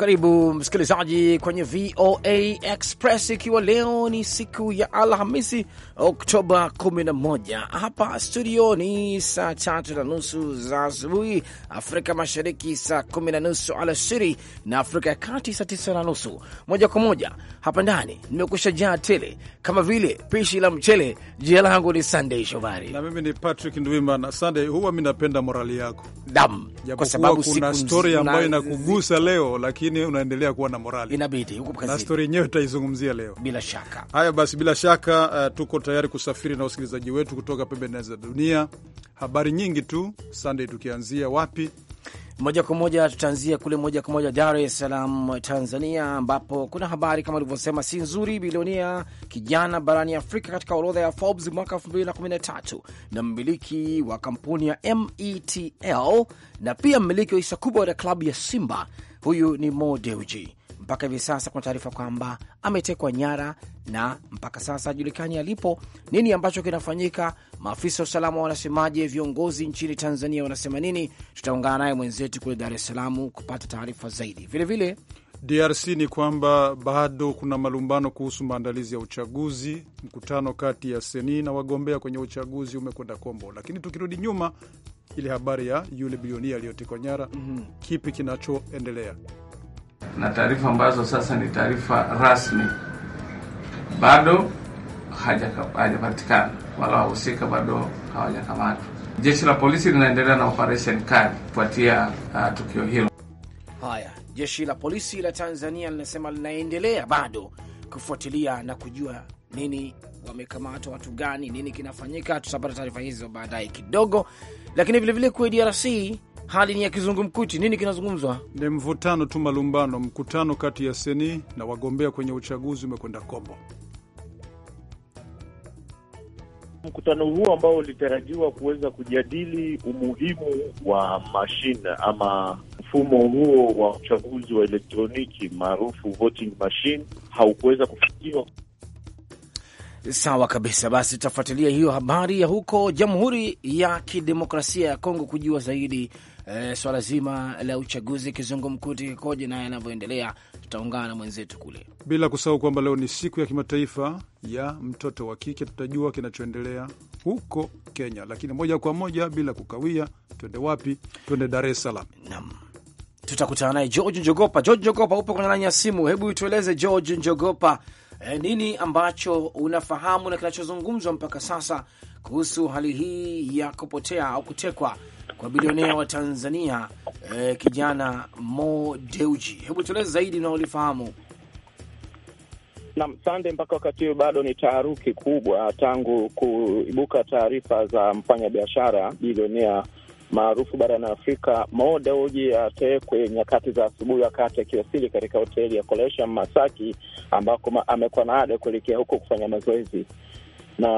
Karibu msikilizaji kwenye VOA Express, ikiwa leo ni siku ya Alhamisi Oktoba 11. Hapa studio ni saa tatu na nusu za asubuhi, Afrika Mashariki saa kumi na nusu alasiri, na Afrika ya Kati saa tisa na nusu. Moja kwa moja hapa ndani nimekusha jaa tele kama vile pishi la mchele. Jina langu ni Sandey Shomari na mimi ni Patrick Ndwimana. Sandey, huwa mi napenda morali yako dam, kwa sababu kuna stori ambayo inakugusa leo, lakini unaendelea kuwa na morali, inabidi huko kazini, na stori yenyewe utaizungumzia leo bila shaka. Haya basi, bila shaka uh, tuko tayari kusafiri na wasikilizaji wetu kutoka pembe za dunia. Habari nyingi tu Sandey, tukianzia wapi? Moja kwa moja tutaanzia kule moja kwa moja Dar es Salaam, Tanzania, ambapo kuna habari kama ulivyosema si nzuri. Bilionia kijana barani Afrika katika orodha ya Forbes mwaka 2013 na mmiliki wa kampuni ya METL na pia mmiliki wa hisa kubwa ya klabu ya Simba. Huyu ni Mo Dewji mpaka hivi sasa kuna taarifa kwamba ametekwa nyara na mpaka sasa hajulikani alipo. Nini ambacho kinafanyika? Maafisa wa usalama wanasemaje? Viongozi nchini Tanzania wanasema nini? Tutaungana naye mwenzetu kule Dar es Salaam kupata taarifa zaidi. Vilevile DRC ni kwamba bado kuna malumbano kuhusu maandalizi ya uchaguzi. Mkutano kati ya seni na wagombea kwenye uchaguzi umekwenda kombo, lakini tukirudi nyuma, ile habari ya yule bilionia aliyotekwa nyara, mm -hmm. Kipi kinachoendelea? na taarifa ambazo sasa ni taarifa rasmi, bado hajapatikana wala wahusika bado hawajakamatwa. Jeshi la polisi linaendelea na operesheni kali kufuatia uh, tukio hilo. Haya, jeshi la polisi la Tanzania linasema linaendelea bado kufuatilia na kujua nini wamekamata watu gani, nini kinafanyika. Tutapata taarifa hizo baadaye kidogo lakini vilevile kuwe DRC hali ni ya kizungumkuti. Nini kinazungumzwa? Ni mvutano tu, malumbano. Mkutano kati ya seni na wagombea kwenye uchaguzi umekwenda kombo. Mkutano huu ambao ulitarajiwa kuweza kujadili umuhimu wa mashine ama mfumo huo wa uchaguzi wa elektroniki maarufu voting machine haukuweza kufikiwa. Sawa kabisa, basi tutafuatilia hiyo habari ya huko Jamhuri ya Kidemokrasia ya Kongo kujua zaidi e, swala zima la uchaguzi kizungumkuti kikoje naye yanavyoendelea. Tutaungana na mwenzetu kule, bila kusahau kwamba leo ni siku ya kimataifa ya mtoto wa kike. Tutajua kinachoendelea huko Kenya, lakini moja kwa moja bila kukawia, twende wapi? Twende Dar es Salaam. Naam, tutakutana naye George Njogopa. George Njogopa, upo kwenye laini ya simu, hebu tueleze George Njogopa E, nini ambacho unafahamu na kinachozungumzwa mpaka sasa kuhusu hali hii ya kupotea au kutekwa kwa bilionea wa Tanzania e, kijana Mo Dewji? Hebu tueleze zaidi unaolifahamu. nam Naam, sande. Mpaka wakati huu bado ni taharuki kubwa tangu kuibuka taarifa za mfanyabiashara bilionea maarufu barani Afrika, Mo Dewji atekwe nyakati za asubuhi, wakati akiwasili katika hoteli ya Kolesham Masaki, ambako amekuwa na ada kuelekea huko kufanya mazoezi na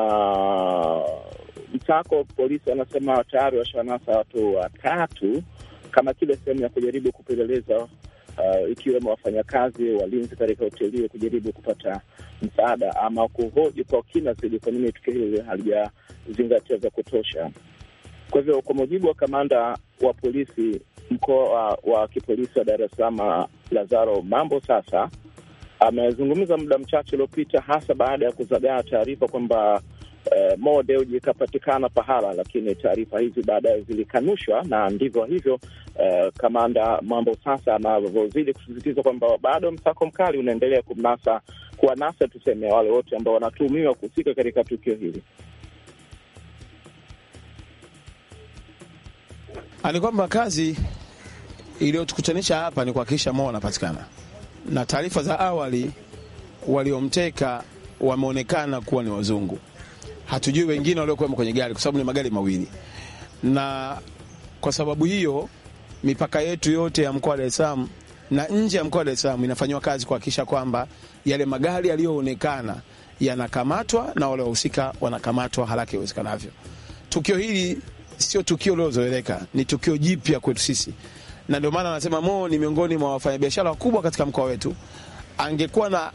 msako. Polisi wanasema tayari washanasa watu watatu kama kile sehemu ya kujaribu kupeleleza Uh, ikiwemo wafanyakazi walinzi katika hoteli hiyo kujaribu kupata msaada ama kuhoji kwa kina zaidi kwa nini tukio hili halijazingatia vya kutosha. Kwa hivyo kwa mujibu wa kamanda wa polisi mkoa wa kipolisi wa Dar es Salaam Lazaro Mambo sasa amezungumza muda mchache uliopita, hasa baada ya kuzagaa taarifa kwamba eh, Mo Dewji ikapatikana pahala, lakini taarifa hizi baadaye zilikanushwa, na ndivyo hivyo eh, kamanda Mambo sasa anavyozidi kusisitiza kwamba bado msako mkali unaendelea kumnasa kuwanasa, tuseme wale wote ambao wanatuhumiwa kuhusika katika tukio hili. ni kwamba kazi iliyotukutanisha hapa ni kuhakikisha Mo anapatikana, na taarifa za awali waliomteka wameonekana kuwa ni wazungu. Hatujui wengine waliokuwemo kwenye gari, kwa sababu ni magari mawili, na kwa sababu hiyo mipaka yetu yote ya mkoa wa Dar es Salaam na nje ya mkoa wa Dar es Salaam inafanyiwa kazi kuhakikisha kwamba yale magari yaliyoonekana yanakamatwa na wale wahusika wanakamatwa haraka iwezekanavyo. Tukio hili sio tukio lilozoeleka, ni tukio jipya kwetu sisi, na ndio maana anasema Mo ni miongoni mwa wafanyabiashara wakubwa katika mkoa wetu. Angekuwa na,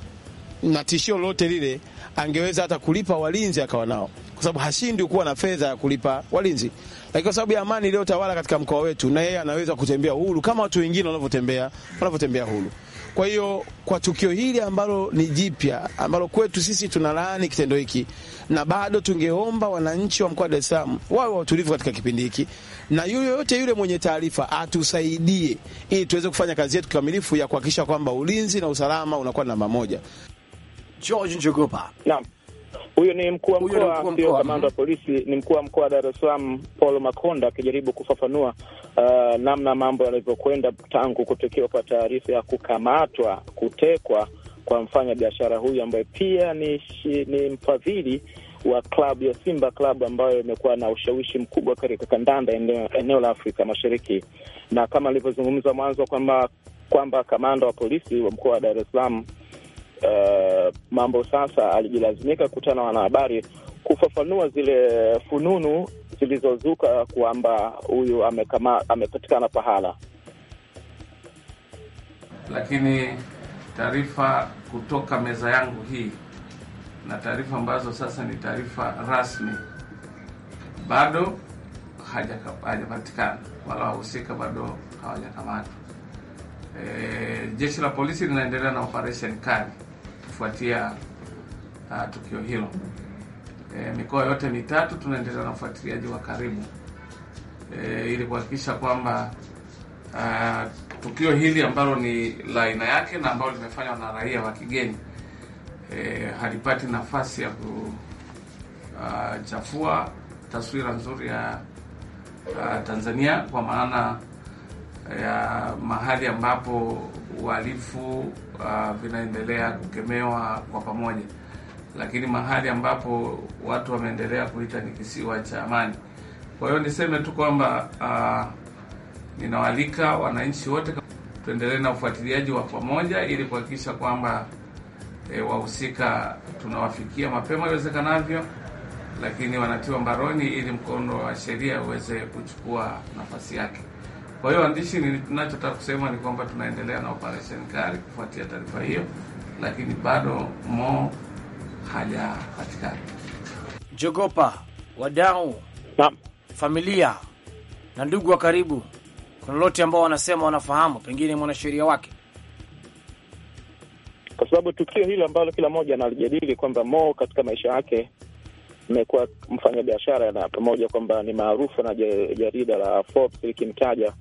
na tishio lolote lile, angeweza hata kulipa walinzi akawa nao, kwa sababu hashindi kuwa na fedha ya kulipa walinzi, lakini kwa sababu ya amani iliyotawala katika mkoa wetu, na yeye anaweza kutembea huru kama watu wengine wanavyotembea wanavyotembea huru. Kwa hiyo kwa tukio hili ambalo ni jipya ambalo kwetu sisi tunalaani kitendo hiki, na bado tungeomba wananchi wa mkoa wa Dar es Salaam wawe watulivu katika kipindi hiki, na yule yote yule mwenye taarifa atusaidie ili tuweze kufanya kazi yetu kikamilifu ya kuhakikisha kwamba ulinzi na usalama unakuwa namba moja. George Njogopa. Naam. Huyu ni mkuu wa mkoa, ndio kamanda wa polisi, ni mkuu wa mkoa wa Dar es Salaam Paul Makonda akijaribu kufafanua uh, namna mambo yalivyokwenda tangu kutokea kwa taarifa ya kukamatwa, kutekwa kwa mfanya biashara huyu ambaye pia ni, ni mfadhili wa klabu ya Simba, klabu ambayo imekuwa na ushawishi mkubwa katika kandanda eneo, eneo la Afrika Mashariki, na kama alivyozungumza mwanzo kwamba kwamba kamanda wa polisi wa mkoa wa Dar es Salaam Eh, mambo sasa, alijilazimika kukutana na wanahabari kufafanua zile fununu zilizozuka kwamba huyu amepatikana pahala, lakini taarifa kutoka meza yangu hii na taarifa ambazo sasa ni taarifa rasmi, bado hajapatikana wala wahusika bado hawajakamatwa. E, jeshi la polisi linaendelea na operesheni kali kufuatia uh, tukio hilo. E, mikoa yote mitatu tunaendelea na ufuatiliaji wa karibu e, ili kuhakikisha kwamba uh, tukio hili ambalo ni la aina yake na ambalo limefanywa na raia wa kigeni e, halipati nafasi ya kuchafua uh, taswira nzuri ya uh, Tanzania kwa maana uh, ya mahali ambapo uhalifu uh, vinaendelea kukemewa kwa pamoja, lakini mahali ambapo watu wameendelea kuita ni kisiwa cha amani. Kwa hiyo niseme tu kwamba uh, ninawalika wananchi wote tuendelee na ufuatiliaji wa pamoja ili kuhakikisha kwamba e, wahusika tunawafikia mapema iwezekanavyo, lakini wanatiwa mbaroni ili mkondo wa sheria uweze kuchukua nafasi yake. Kwa hiyo waandishi, tunachotaka kusema ni kwamba tunaendelea na operation kali kufuatia taarifa hiyo, lakini bado mo hajapatikana. Jogopa wadau na familia na ndugu wa karibu, kuna lote ambao wanasema wanafahamu, pengine mwanasheria wake, kwa sababu tukio hili ambalo kila mmoja analijadili kwamba Mo katika maisha yake amekuwa mfanyabiashara na pamoja kwamba ni maarufu na jarida la Forbes likimtaja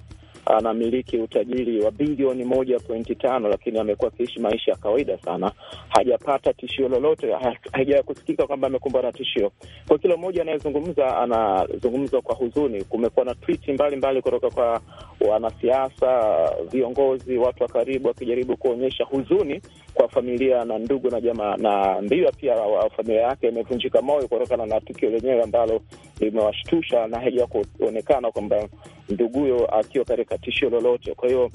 anamiliki utajiri wa bilioni moja pointi tano lakini amekuwa akiishi maisha ya kawaida sana, hajapata tishio lolote, haija kusikika kwamba amekumbwa na tishio. Kwa kila mmoja anayezungumza anazungumza kwa huzuni. Kumekuwa na twiti mbalimbali kutoka kwa wanasiasa, viongozi, watu wa karibu, wakijaribu kuonyesha huzuni kwa familia na ndugu na jamaa, na mbiwa pia wa familia yake imevunjika moyo kutokana na tukio lenyewe ambalo limewashtusha na haijakuonekana kwamba nduguyo akiwa katika tishio lolote. Kwa hiyo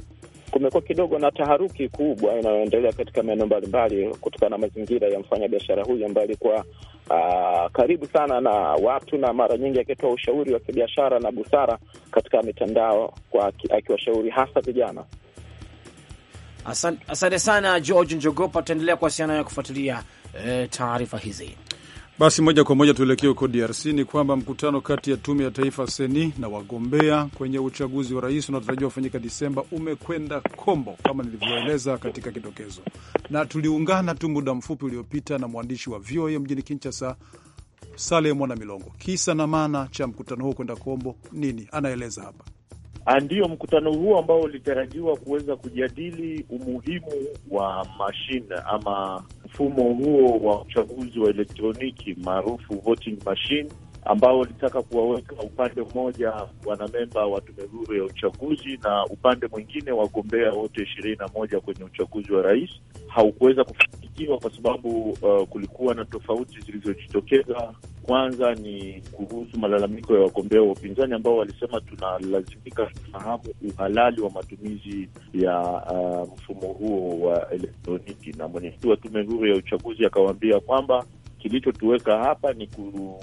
kumekuwa kidogo na taharuki kubwa inayoendelea katika maeneo mbalimbali kutokana na mazingira ya mfanyabiashara huyu ambaye alikuwa uh, karibu sana na watu na mara nyingi akitoa ushauri wa kibiashara na busara katika mitandao kwa akiwashauri hasa vijana. Asante sana George Njogopa, tutaendelea kuwasiliana nayo kufuatilia eh, taarifa hizi. Basi moja kwa moja tuelekee huko DRC. Ni kwamba mkutano kati ya tume ya taifa seni na wagombea kwenye uchaguzi wa rais unaotarajiwa kufanyika Disemba umekwenda kombo kama nilivyoeleza katika kidokezo, na tuliungana tu muda mfupi uliopita na mwandishi wa VOA mjini Kinshasa, Saleh Mwana Milongo. Kisa na maana cha mkutano huo kwenda kombo nini, anaeleza hapa. Ah, Ndiyo, mkutano huo ambao ulitarajiwa kuweza kujadili umuhimu wa mashine ama mfumo huo wa uchaguzi wa elektroniki maarufu voting machine, ambao ulitaka kuwaweka upande mmoja wanamemba wa tume huru ya uchaguzi na upande mwingine wagombea wote ishirini na moja kwenye uchaguzi wa rais haukuweza kufika kufanikiwa kwa sababu uh, kulikuwa na tofauti zilizojitokeza. Kwanza ni kuhusu malalamiko ya wagombea wa upinzani ambao walisema tunalazimika kufahamu uhalali wa matumizi ya uh, mfumo huo wa elektroniki, na mwenyekiti wa tume huru ya uchaguzi akawaambia kwamba Kilichotuweka hapa ni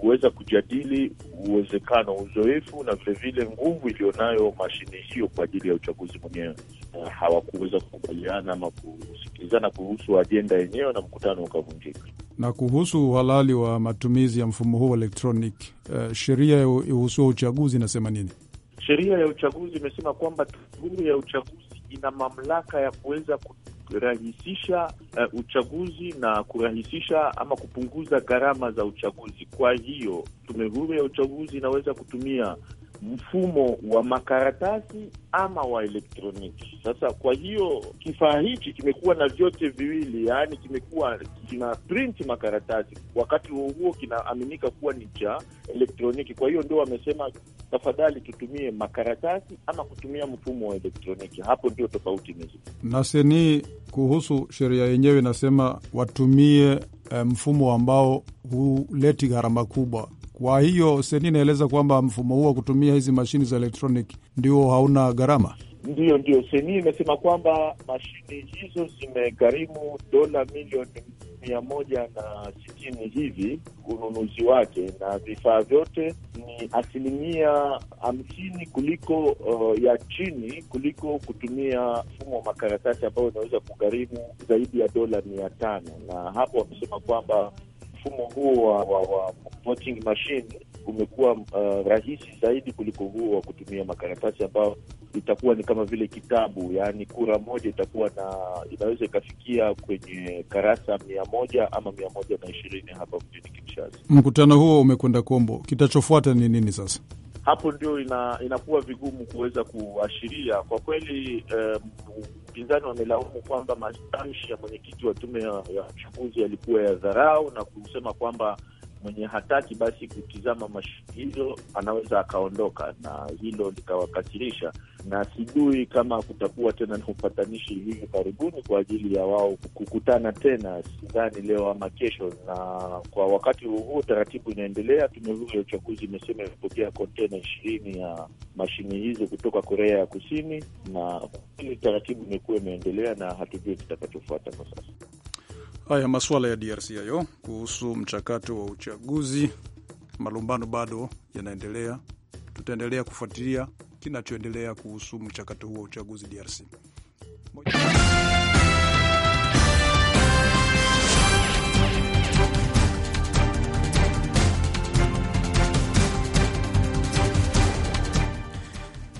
kuweza kujadili uwezekano uzoefu na vilevile nguvu iliyonayo mashine hiyo kwa ajili ya uchaguzi mwenyewe. Hawakuweza kukubaliana ama kusikilizana kuhusu ajenda yenyewe na mkutano ukavunjika. Na kuhusu uhalali wa matumizi ya mfumo huu wa electronic, uh, sheria ihusuo uchaguzi inasema nini? Sheria ya uchaguzi imesema kwamba tume ya uchaguzi ina mamlaka ya kuweza kurahisisha uh, uchaguzi na kurahisisha ama kupunguza gharama za uchaguzi. Kwa hiyo tume huru ya uchaguzi inaweza kutumia mfumo wa makaratasi ama wa elektroniki. Sasa kwa hiyo kifaa hichi kimekuwa na vyote viwili, yaani kimekuwa kina print makaratasi, wakati huo huo kinaaminika kuwa ni cha elektroniki. Kwa hiyo ndio wamesema tafadhali tutumie makaratasi ama kutumia mfumo wa elektroniki. Hapo ndio tofauti nzuri. Na seni kuhusu sheria yenyewe inasema watumie eh, mfumo ambao huleti gharama kubwa. Kwa hiyo seni inaeleza kwamba mfumo huu wa kutumia hizi mashini za elektroniki ndio hauna gharama. Ndiyo, ndiyo. Seni imesema kwamba mashine hizo zimegharimu dola milioni mia moja na sitini hivi ununuzi wake, na vifaa vyote ni asilimia hamsini kuliko uh, ya chini kuliko kutumia mfumo wa makaratasi ambayo unaweza kugharimu zaidi ya dola mia tano na hapo wamesema kwamba mfumo huo wa, wa, wa voting machine umekuwa uh, rahisi zaidi kuliko huo wa kutumia makaratasi ambao itakuwa ni kama vile kitabu, yaani kura moja itakuwa na inaweza ikafikia kwenye karasa mia moja ama mia moja na ishirini hapa mjini Kinshasa. Mkutano huo umekwenda kombo, kitachofuata ni nini sasa? Hapo ndio ina, inakuwa vigumu kuweza kuashiria kwa kweli. Upinzani eh, um, wamelaumu kwamba matamshi ya mwenyekiti wa tume ya uchaguzi yalikuwa ya dharau na kusema kwamba mwenye hataki basi kutizama mashughuli hizo anaweza akaondoka, na hilo likawakasirisha, na sijui kama kutakuwa tena na upatanishi hivi karibuni kwa ajili ya wao kukutana tena, sidhani leo ama kesho. Na kwa wakati huo taratibu inaendelea. Tume huru ya uchaguzi imesema imepokea kontena ishirini ya mashini hizo kutoka Korea ya Kusini, na ili taratibu imekuwa imeendelea, na hatujui kitakachofuata kwa sasa. Haya masuala ya DRC hayo kuhusu mchakato wa uchaguzi, malumbano bado yanaendelea. Tutaendelea kufuatilia kinachoendelea kuhusu mchakato huo wa uchaguzi DRC.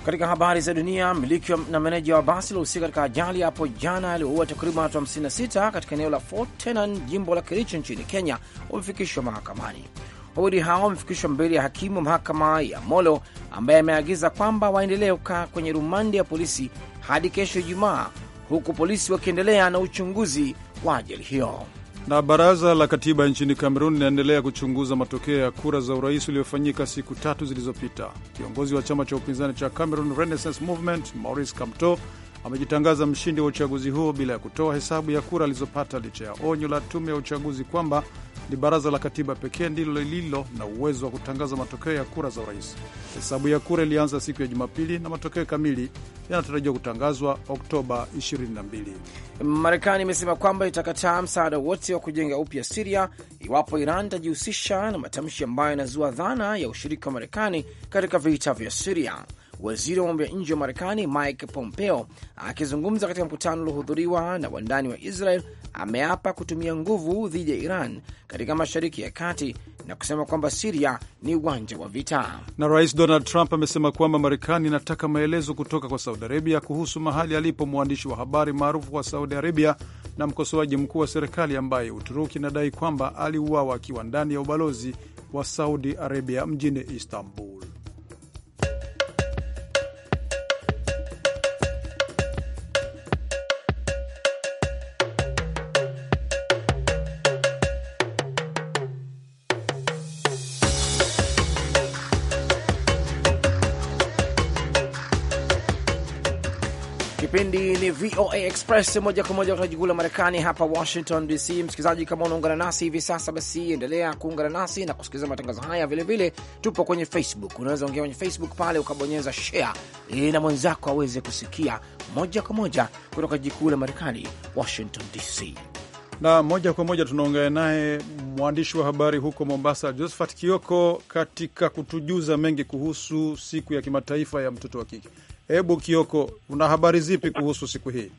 Katika habari za dunia, mmiliki na meneja wa basi lilohusika katika ajali hapo jana aliyoua takriban watu 56 katika eneo la Fort Tenan, jimbo la Kericho nchini Kenya, wamefikishwa mahakamani. Wawili hao wamefikishwa mbele ya hakimu wa mahakama ya Molo ambaye ameagiza kwamba waendelee kukaa kwenye rumandi ya polisi hadi kesho Ijumaa, huku polisi wakiendelea na uchunguzi wa ajali hiyo. Na baraza la katiba nchini Kamerun linaendelea kuchunguza matokeo ya kura za urais uliofanyika siku tatu zilizopita. Kiongozi wa chama cha upinzani cha Cameroon Renaissance Movement Maurice Kamto amejitangaza mshindi wa uchaguzi huo bila ya kutoa hesabu ya kura alizopata licha ya onyo la tume ya uchaguzi kwamba ni baraza la katiba pekee ndilo lililo na uwezo wa kutangaza matokeo ya kura za urais. Hesabu ya kura ilianza siku ya Jumapili na matokeo kamili yanatarajiwa kutangazwa Oktoba 22. Marekani imesema kwamba itakataa msaada wote wa kujenga upya Siria iwapo Iran itajihusisha na matamshi ambayo yanazua dhana ya ushiriki wa Marekani katika vita vya Siria. Waziri wa mambo ya nje wa Marekani Mike Pompeo akizungumza katika mkutano uliohudhuriwa na wandani wa Israel ameapa kutumia nguvu dhidi ya Iran katika Mashariki ya Kati na kusema kwamba Siria ni uwanja wa vita. Na Rais Donald Trump amesema kwamba Marekani inataka maelezo kutoka kwa Saudi Arabia kuhusu mahali alipo mwandishi wa habari maarufu wa Saudi Arabia na mkosoaji mkuu wa serikali ambaye Uturuki inadai kwamba aliuawa akiwa ndani ya ubalozi wa Saudi Arabia mjini Istanbul. VOA Express moja kwa moja kutoka jiji kuu la Marekani hapa Washington DC. Msikilizaji, kama unaungana nasi hivi sasa, basi endelea kuungana nasi na kusikiliza matangazo haya. Vilevile tupo kwenye Facebook, unaweza ongea kwenye Facebook pale ukabonyeza share ili na mwenzako aweze kusikia moja kwa moja kutoka jiji kuu la Marekani, Washington DC. Na moja kwa moja tunaongea naye mwandishi wa habari huko Mombasa, Josephat Kioko, katika kutujuza mengi kuhusu siku ya kimataifa ya mtoto wa kike. Hebu Kioko, una habari zipi kuhusu siku hii?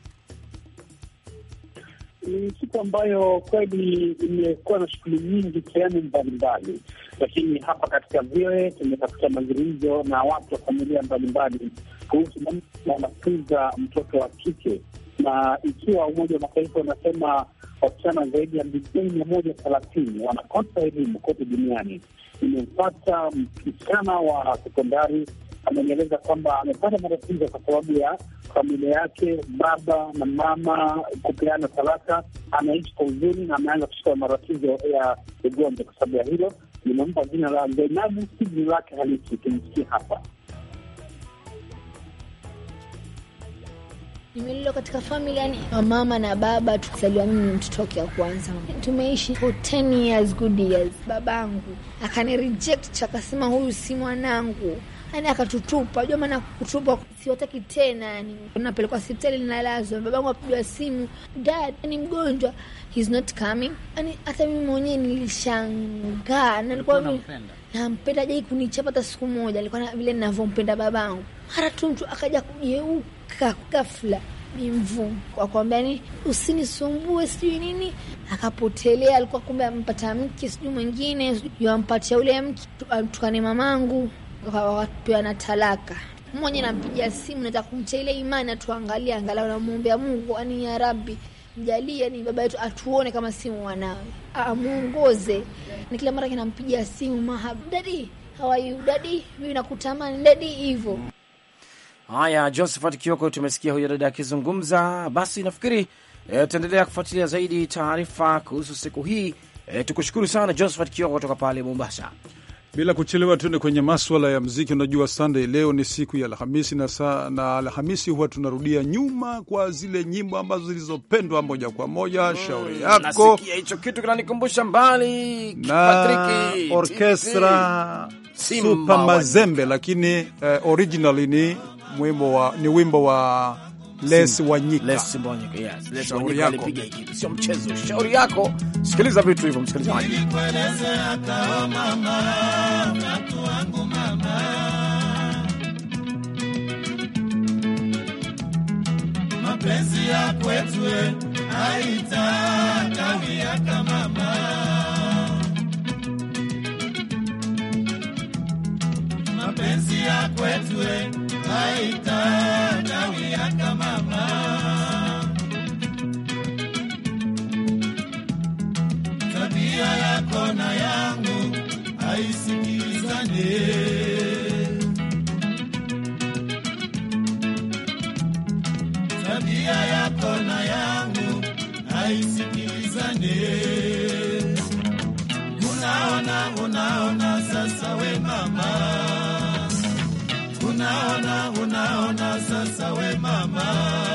Ni siku ambayo kweli imekuwa na shughuli nyingi sehemu mbalimbali, lakini hapa katika voa tumetafuta mazungumzo na watu wa familia mbalimbali kuhusu namna ya mtoto wa kike, na ikiwa Umoja wa Mataifa unasema wasichana zaidi ya milioni mia moja thelathini wanakosa elimu kote duniani, imempata msichana wa sekondari amenieleza kwamba amepata matatizo kwa sababu ya familia yake, baba na mama kupeana talaka. Anaishi kwa huzuni na ameanza kushika matatizo ya ugonjwa. Kwa sababu ya hilo, nimempa jina la Zainabu, si jina lake halisi. Tumsikie hapa. Nimelelewa katika familia ni mama na baba, tukizaliwa mimi ni mtoto wake wa kwanza. Tumeishi for 10 years good years. Babangu akani reject akasema, huyu si mwanangu yani akatutupa. Jua maana kutupa siwataki tena, yani napelekwa hospitali nalazwa. Babangu apigwa simu, dad ni mgonjwa, he's not coming. Yani hata mimi mwenyewe nilishangaa, nalikuwa nampenda, jai kunichapa hata siku moja, alikuwa vile ninavyompenda babangu. Mara tu mtu akaja kugeuka ghafla mvu akwambia ni yaani usinisumbue, sijui nini, akapotelea. Alikuwa kumbe ampata mke, sijui mwingine, yampatia ule mke tukane mamangu wapewana talaka mmoja nampigia simu, nataka kumcha ile imani, atuangalia angalau, namwombea Mungu ani ya Rabbi mjalie ni baba yetu atuone kama simu wanawe amuongoze. Na kila mara kinampigia simu mahab, dadi hawayu, dadi mimi nakutamani, dadi hivyo. Haya, Josephat Kioko, tumesikia huyo dada akizungumza. Basi nafikiri e, tutaendelea kufuatilia zaidi taarifa kuhusu siku hii. E, tukushukuru sana Josephat Kioko kutoka pale Mombasa. Bila kuchelewa tuende kwenye maswala ya mziki. Unajua Sunday leo ni siku ya Alhamisi na na Alhamisi huwa tunarudia nyuma kwa zile nyimbo ambazo zilizopendwa moja kwa moja mm, shauri yako. Nasikia hicho kitu kinanikumbusha mbali na orkestra Super Mazembe, lakini eh, originally ni wimbo wa, ni wimbo wa Les Wanyika. Les Wanyika, yes. Les Wanyika alipiga kitu, sio mchezo. Shauri yako, sikiliza vitu hivyo msikilizaji. Mapenzi ya kwetu haitakawia mama. Mapenzi ya kwetu Tabia yako na yangu haisikilizane. unaona, unaona sasa we mama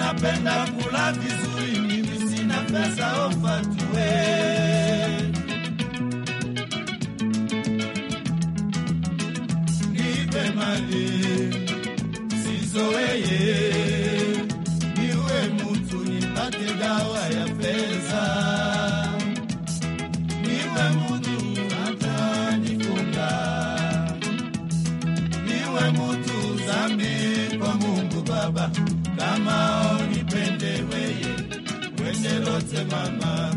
napenda kula vizuri, mimi sina pesa ofatue. Nipe mali sizoeye, niwe mutu nipate dawa ya pesa, niwe mutu hata nifunga, niwe mutu zame kwa Mungu Baba kama unipende weye wende wendelotse mama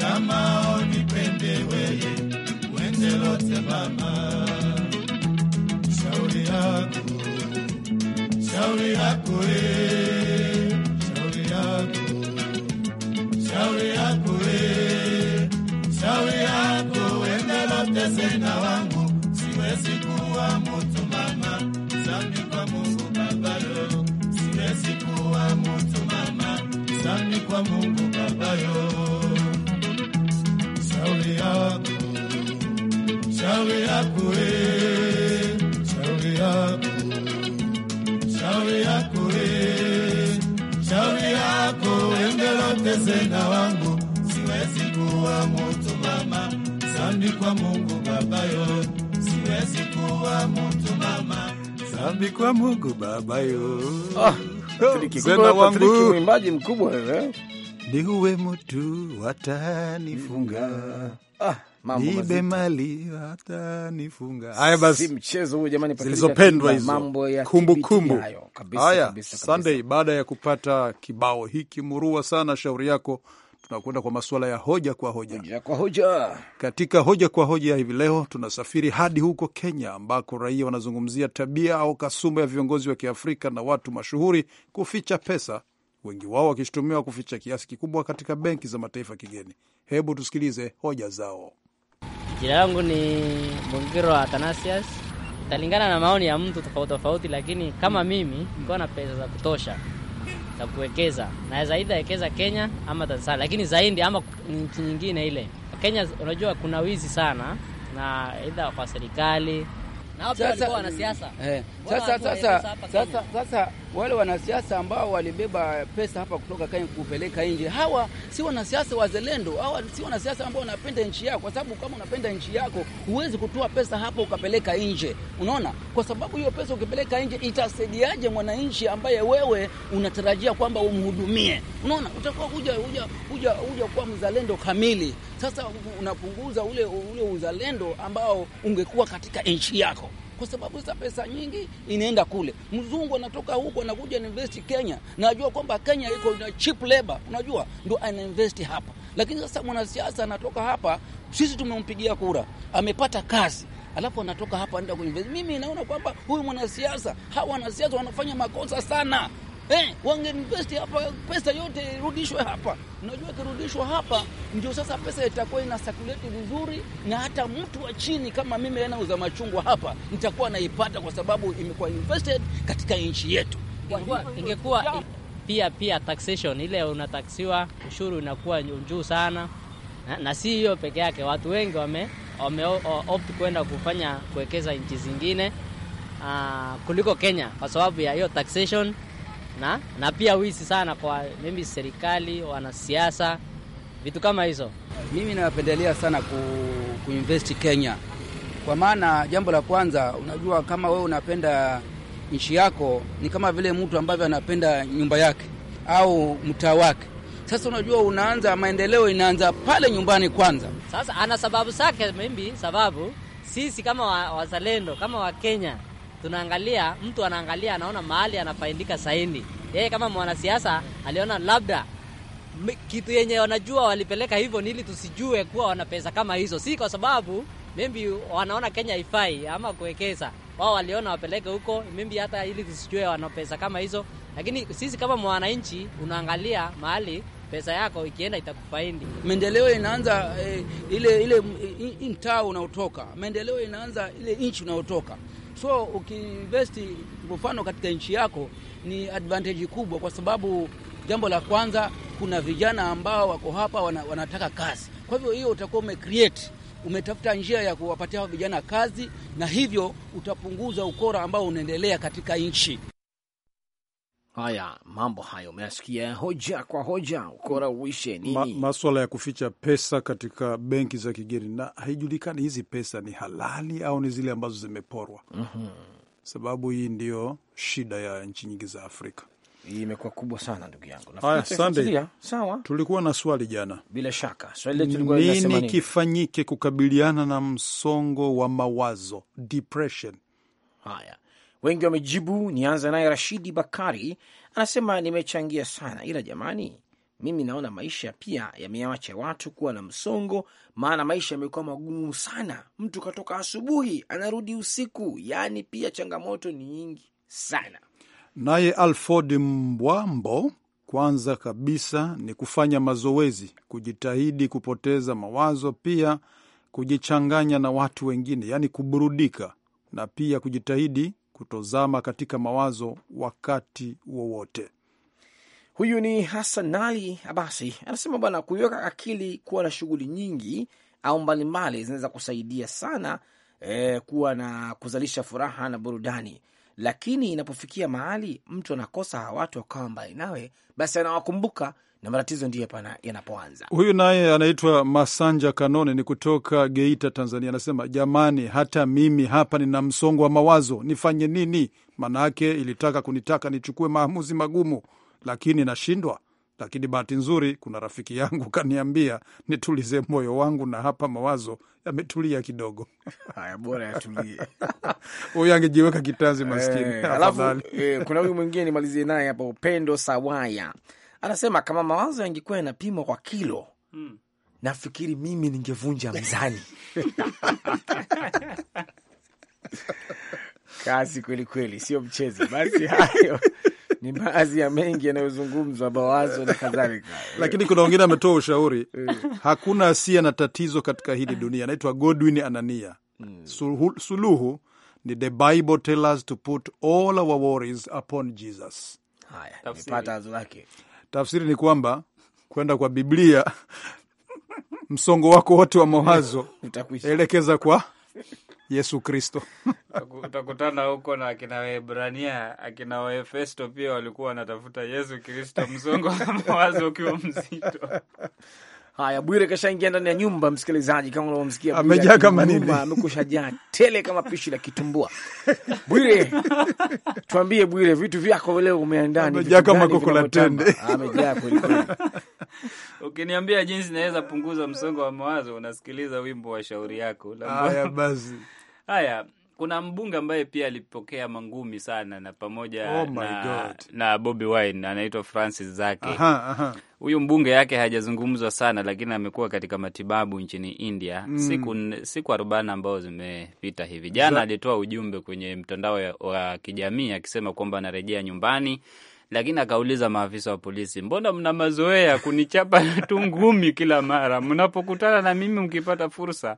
kama unipende weye wende wendelotse mama shauri yako shauri yako e shauri yako shauri yako e shauri yako wendelotese na wangu siwezi kuwa moto Naomba Mungu Baba yo, shauri yako, shauri yako, shauri yako, shauri yako, shauri yako, engelote zena wangu, siwezi kuwa mutu mama, zambi kwa Mungu Baba yo, siwezi kuwa mutu mama, zambi kwa Mungu Baba yo. Oh. mwimbaji mkubwa wewe, uwe eh? mtu watanifunga ah, Ibe mali watanifunga. Haya basi, mchezo huo jamani, zilizopendwa hizo kumbukumbu. Haya Sunday, baada ya kupata kibao hiki murua sana, shauri yako tunakwenda kwa masuala ya hoja kwa hoja. Hoja kwa hoja. Katika hoja kwa hoja hivi leo tunasafiri hadi huko Kenya ambako raia wanazungumzia tabia au kasumba ya viongozi wa Kiafrika na watu mashuhuri kuficha pesa, wengi wao wakishutumiwa kuficha kiasi kikubwa katika benki za mataifa kigeni. Hebu tusikilize hoja zao. Jina langu ni Mungiro Athanasius. Italingana na maoni ya mtu tofauti tofauti, lakini kama mimi niko na pesa za kutosha za kuwekeza, naweza aidha wekeza Kenya ama Tanzania, lakini zaidi ama nchi nyingine ile. Kenya unajua kuna wizi sana, na aidha kwa serikali Eh, sasa wale wanasiasa ambao walibeba pesa hapa kutoka Kenya kupeleka nje, hawa si wanasiasa wazalendo, hawa si wanasiasa ambao wanapenda nchi yao, kwa sababu kama unapenda nchi yako huwezi kutoa pesa hapa ukapeleka nje. Unaona, kwa sababu hiyo pesa ukipeleka nje itasaidiaje mwananchi ambaye wewe unatarajia kwamba umhudumie? Unaona, utakuwa huja huja huja huja kuwa mzalendo kamili. Sasa unapunguza ule ule uzalendo ambao ungekuwa katika nchi yako kwa sababu sasa pesa nyingi inaenda kule. Mzungu anatoka huko anakuja invest Kenya, najua kwamba Kenya iko na cheap labor, unajua ndo anainvest hapa. Lakini sasa mwanasiasa anatoka hapa, sisi tumempigia kura, amepata kazi alafu anatoka hapa anaenda kuinvest. Mimi naona kwamba huyu mwanasiasa, hawa wanasiasa wanafanya makosa sana. Eh, invest hapa pesa yote irudishwe hapa. Unajua ikirudishwa hapa ndio sasa pesa itakuwa ina circulate vizuri, na hata mtu wa chini kama mimi anauza machungwa hapa nitakuwa naipata kwa sababu imekuwa invested katika nchi yetu. Ingekuwa pia pia taxation ile unataksiwa ushuru inakuwa juu sana, na, na si hiyo peke yake, watu wengi wame opt kwenda kufanya kuwekeza nchi zingine uh, kuliko Kenya kwa sababu ya hiyo taxation na, na pia wisi sana kwa mimi serikali, wanasiasa, vitu kama hizo. Mimi napendelea sana ku, kuinvest Kenya, kwa maana jambo la kwanza, unajua kama wewe unapenda nchi yako ni kama vile mtu ambavyo anapenda nyumba yake au mtaa wake. Sasa unajua, unaanza maendeleo inaanza pale nyumbani kwanza. Sasa ana sababu zake, mimi sababu sisi kama wazalendo wa kama Wakenya tunaangalia, mtu anaangalia, anaona mahali anafaindika saini. Yeye kama mwanasiasa aliona labda kitu yenye wanajua walipeleka hivyo ni ili tusijue kuwa wana pesa kama hizo, si kwa sababu maybe wanaona Kenya ifai ama kuwekeza. Wao waliona wapeleke huko maybe hata ili tusijue wana pesa kama hizo, lakini sisi kama mwananchi unaangalia mahali pesa yako ikienda itakufaindi. Maendeleo inaanza eh, ile ile mtaa unaotoka. Maendeleo inaanza ile nchi unaotoka. So ukiinvesti mfano katika nchi yako ni advantage kubwa, kwa sababu jambo la kwanza, kuna vijana ambao wako hapa wana, wanataka kazi. Kwa hivyo hiyo utakuwa umecreate umetafuta njia ya kuwapatia hao vijana kazi, na hivyo utapunguza ukora ambao unaendelea katika nchi. Haya, mambo hayo umeasikia hoja kwa hoja, ukora uishe nini? Ma, maswala ya kuficha pesa katika benki za kigeni, na haijulikani hizi pesa ni halali au ni zile ambazo zimeporwa. mm -hmm. Sababu hii ndiyo shida ya nchi nyingi za Afrika, hii imekuwa kubwa sana ndugu yangu. Haya, Sunday, sawa, tulikuwa na swali jana, bila shaka swali letu nini kifanyike kukabiliana na msongo wa mawazo depression. Haya Wengi wamejibu. Nianza naye Rashidi Bakari anasema, nimechangia sana, ila jamani, mimi naona maisha pia yameacha watu kuwa na msongo, maana maisha yamekuwa magumu sana. Mtu katoka asubuhi anarudi usiku, yaani pia changamoto ni nyingi sana. Naye Alford Mbwambo, kwanza kabisa ni kufanya mazoezi, kujitahidi kupoteza mawazo, pia kujichanganya na watu wengine, yaani kuburudika, na pia kujitahidi kutozama katika mawazo wakati wowote. Huyu ni Hasan Ali Abasi, anasema bwana, kuiweka akili kuwa na shughuli nyingi au mbalimbali zinaweza kusaidia sana eh, kuwa na kuzalisha furaha na burudani, lakini inapofikia mahali mtu anakosa hawatu wakawa mbali nawe, basi anawakumbuka na matatizo ndiyo yanapoanza. Huyu naye anaitwa Masanja Kanone, ni kutoka Geita, Tanzania. Anasema jamani, hata mimi hapa nina msongo wa mawazo, nifanye nini? Maanake ilitaka kunitaka nichukue maamuzi magumu, lakini nashindwa. Lakini bahati nzuri, kuna rafiki yangu kaniambia nitulize moyo wangu, na hapa mawazo yametulia kidogo. Haya, bora yatulie. Huyu angejiweka kitanzi maskini. Eh, alafu eh, kuna huyu mwingine nimalizie naye hapa, Upendo Sawaya anasema kama mawazo yangekuwa yanapimwa kwa kilo mm. Nafikiri mimi ningevunja mzani kazi kwelikweli, sio mchezo. Basi hayo ni baadhi ya mengi yanayozungumzwa, mawazo na kadhalika. Lakini kuna wengine ametoa ushauri, eh. hakuna asia na tatizo katika hili dunia. Anaitwa Godwin Anania. Hmm. Suluhu, ni the Bible tell us to put all our worries upon Jesus. Haya, lake Tafsiri ni kwamba kwenda kwa Biblia, msongo wako wote wa mawazo elekeza kwa Yesu Kristo. Utakutana huko na akina Waebrania, akina Waefesto pia walikuwa wanatafuta Yesu Kristo, msongo wa mawazo ukiwa mzito. Haya, Bwire kashaingia ndani ya nyumba, msikilizaji, kama unavyomsikia amejaa kama nini, amekushajaa tele kama pishi la kitumbua. Bwire, tuambie Bwire, vitu vyako leo umeandani, ni amejaa kama la tende, ah, amejaa kweli kweli. Ukiniambia jinsi naweza punguza msongo wa mawazo, unasikiliza wimbo wa shauri yako. Haya basi, haya kuna mbunge ambaye pia alipokea mangumi sana na pamoja oh na, na Bobi Wine anaitwa Francis Zake. Huyu mbunge yake hajazungumzwa sana, lakini amekuwa katika matibabu nchini India mm. siku siku arobaini ambao zimepita hivi. Jana alitoa ujumbe kwenye mtandao wa kijamii akisema kwamba anarejea nyumbani lakini akauliza maafisa wa polisi, mbona mna mazoea kunichapa tu ngumi kila mara mnapokutana na mimi mkipata fursa?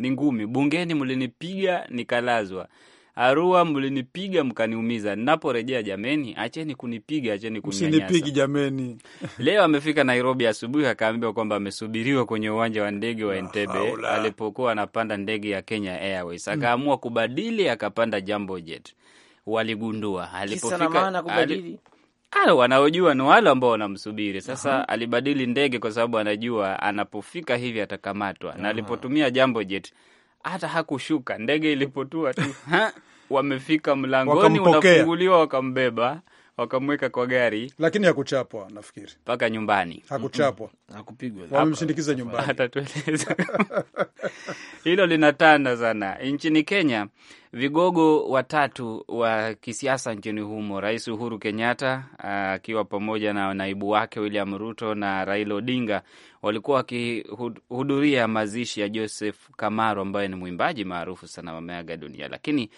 ni ngumi. Bungeni mlinipiga nikalazwa. Arua mlinipiga mkaniumiza. naporejea jameni, acheni kunipiga, acheni kuninyanyasa. jameni. Leo amefika Nairobi asubuhi akaambiwa kwamba amesubiriwa kwenye uwanja wa ndege wa ah, Entebbe alipokuwa anapanda ndege ya Kenya Airways. Mm. Akaamua kubadili akapanda Jambo Jet. Waligundua alipofika Ah, wanaojua ni wale ambao wanamsubiri sasa. -huh. Alibadili ndege kwa sababu anajua anapofika hivi atakamatwa. -huh. Na alipotumia Jambo Jet hata hakushuka, ndege ilipotua tu wamefika mlangoni, unafunguliwa, wakambeba wakamweka kwa gari, lakini hakuchapwa nafikiri mpaka nyumbani, hakuchapwa hakupigwa, wamemshindikiza nyumbani. Atatueleza hilo linatanda sana nchini Kenya. Vigogo watatu wa kisiasa nchini humo, Rais Uhuru Kenyatta akiwa pamoja na naibu wake William Ruto na Raila Odinga walikuwa wakihudhuria mazishi ya Joseph Kamaru ambaye ni mwimbaji maarufu sana, wameaga dunia, lakini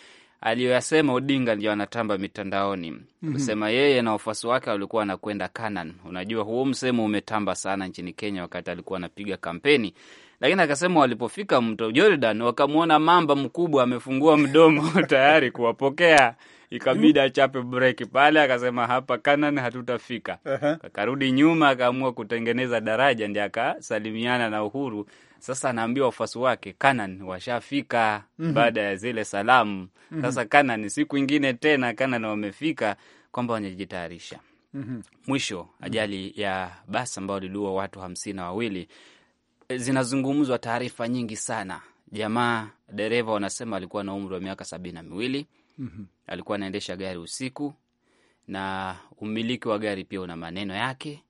aliyoyasema Odinga ndio anatamba mitandaoni. mm -hmm. yeye na wafuasi wake walikuwa anakwenda Canaan. Unajua, huo msemo umetamba sana nchini Kenya wakati alikuwa anapiga kampeni, lakini akasema walipofika mto Jordan wakamwona mamba mkubwa amefungua mdomo tayari kuwapokea, ikabidi achape breki pale, akasema hapa Kanan hatutafika. uh -huh. Akarudi nyuma, akaamua kutengeneza daraja, ndi akasalimiana na Uhuru sasa anaambia wafuasi wake Kanan washafika mm -hmm. baada ya zile salamu mm -hmm. Sasa Kanan siku ingine tena Kanan wamefika kwamba wanajitayarisha mm -hmm. Mwisho mhm. ajali mm -hmm. ya basi ambayo liliua watu hamsini na wawili, eh, zinazungumzwa taarifa nyingi sana. Jamaa dereva wanasema alikuwa na umri wa miaka sabini na miwili mm -hmm. alikuwa anaendesha gari usiku na umiliki wa gari pia una maneno yake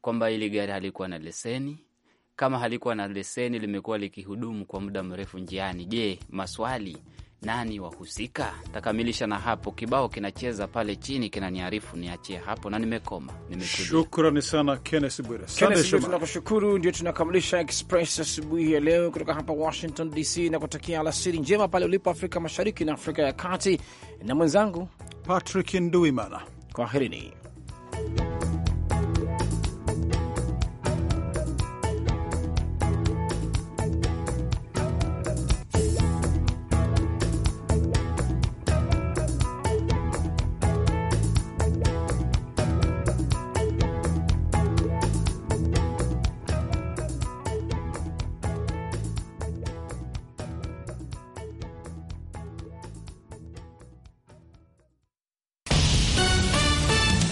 kwamba hili gari halikuwa na leseni kama halikuwa na leseni limekuwa likihudumu kwa muda mrefu njiani. Je, maswali nani wahusika? Takamilisha na hapo. Kibao kinacheza pale chini kinaniarifu niachie hapo na nimekoma, Shukrani sana Kenneth Bwire, tunakushukuru. Ndio tunakamilisha Express asubuhi ya leo kutoka hapa Washington DC, na kutakia alasiri njema pale ulipo Afrika Mashariki na Afrika ya Kati, na mwenzangu Patrick Nduimana, kwaherini.